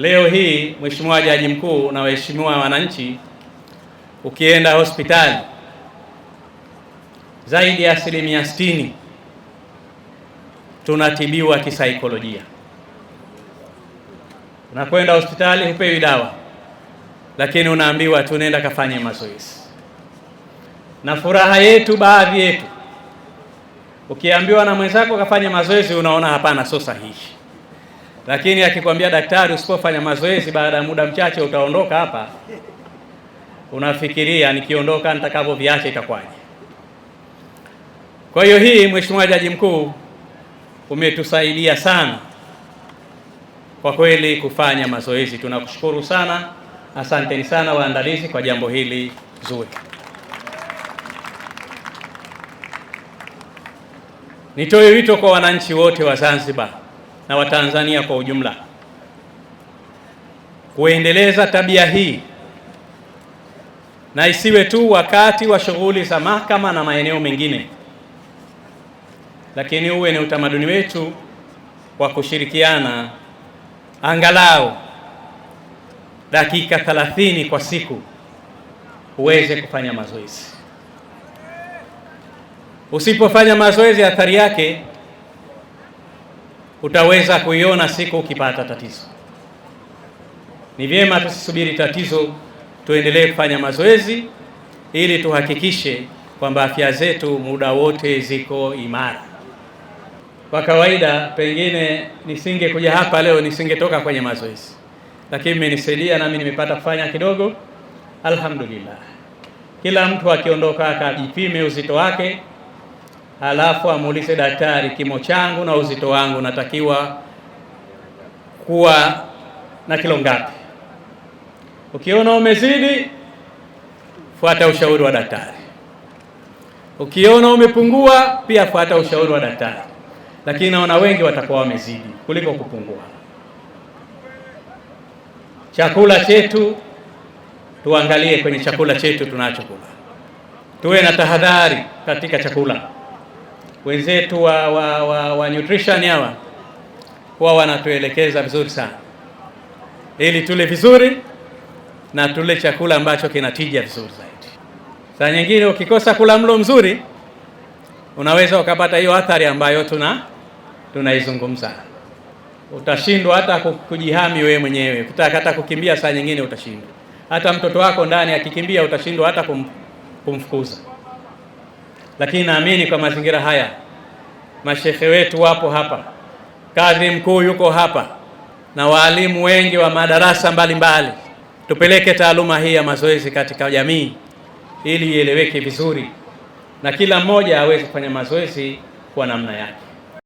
Leo hii Mheshimiwa Jaji Mkuu na waheshimiwa wananchi, ukienda hospitali zaidi ya asilimia 60 tunatibiwa kisaikolojia. Unakwenda hospitali hupewi dawa, lakini unaambiwa tu nenda kafanye mazoezi. Na furaha yetu baadhi yetu, ukiambiwa na mwenzako kafanye mazoezi, unaona hapana, sio sahihi lakini akikwambia daktari, usipofanya mazoezi baada ya muda mchache utaondoka hapa, unafikiria nikiondoka nitakavyoviacha itakwaje? Kwa hiyo hii, Mheshimiwa Jaji Mkuu, umetusaidia sana kwa kweli kufanya mazoezi. Tunakushukuru sana, asanteni sana waandalizi kwa jambo hili zuri. Nitoe wito kwa wananchi wote wa Zanzibar na Watanzania kwa ujumla. Kuendeleza tabia hii na isiwe tu wakati wa shughuli za mahakama na maeneo mengine, lakini uwe ni utamaduni wetu wa kushirikiana angalau dakika 30 kwa siku, uweze kufanya mazoezi. Usipofanya mazoezi, athari yake utaweza kuiona siku ukipata tatizo. Ni vyema tusisubiri tatizo, tuendelee kufanya mazoezi ili tuhakikishe kwamba afya zetu muda wote ziko imara. Kwa kawaida, pengine nisingekuja hapa leo, nisingetoka kwenye mazoezi, lakini mmenisaidia nami nimepata kufanya kidogo, alhamdulillah. Kila mtu akiondoka akajipime uzito wake halafu amuulize daktari, kimo changu na uzito wangu natakiwa kuwa na kilo ngapi? Ukiona umezidi, fuata ushauri wa daktari. Ukiona umepungua, pia fuata ushauri wa daktari. Lakini naona wengi watakuwa wamezidi kuliko kupungua. Chakula chetu tuangalie kwenye chakula chetu tunachokula, tuwe na tahadhari katika chakula wenzetu wa, wa, wa, wa nutrition hawa huwa wanatuelekeza vizuri sana, ili tule vizuri na tule chakula ambacho kinatija vizuri zaidi. Saa nyingine ukikosa kula mlo mzuri, unaweza ukapata hiyo athari ambayo tuna tunaizungumza. Utashindwa hata kujihami wewe mwenyewe, kutaka hata kukimbia, saa nyingine utashindwa. Hata mtoto wako ndani akikimbia, utashindwa hata kum, kumfukuza. Lakini naamini kwa mazingira haya mashehe wetu wapo hapa, kadhi mkuu yuko hapa na waalimu wengi wa madarasa mbalimbali mbali. Tupeleke taaluma hii ya mazoezi katika jamii ili ieleweke vizuri na kila mmoja aweze kufanya mazoezi kwa namna yake.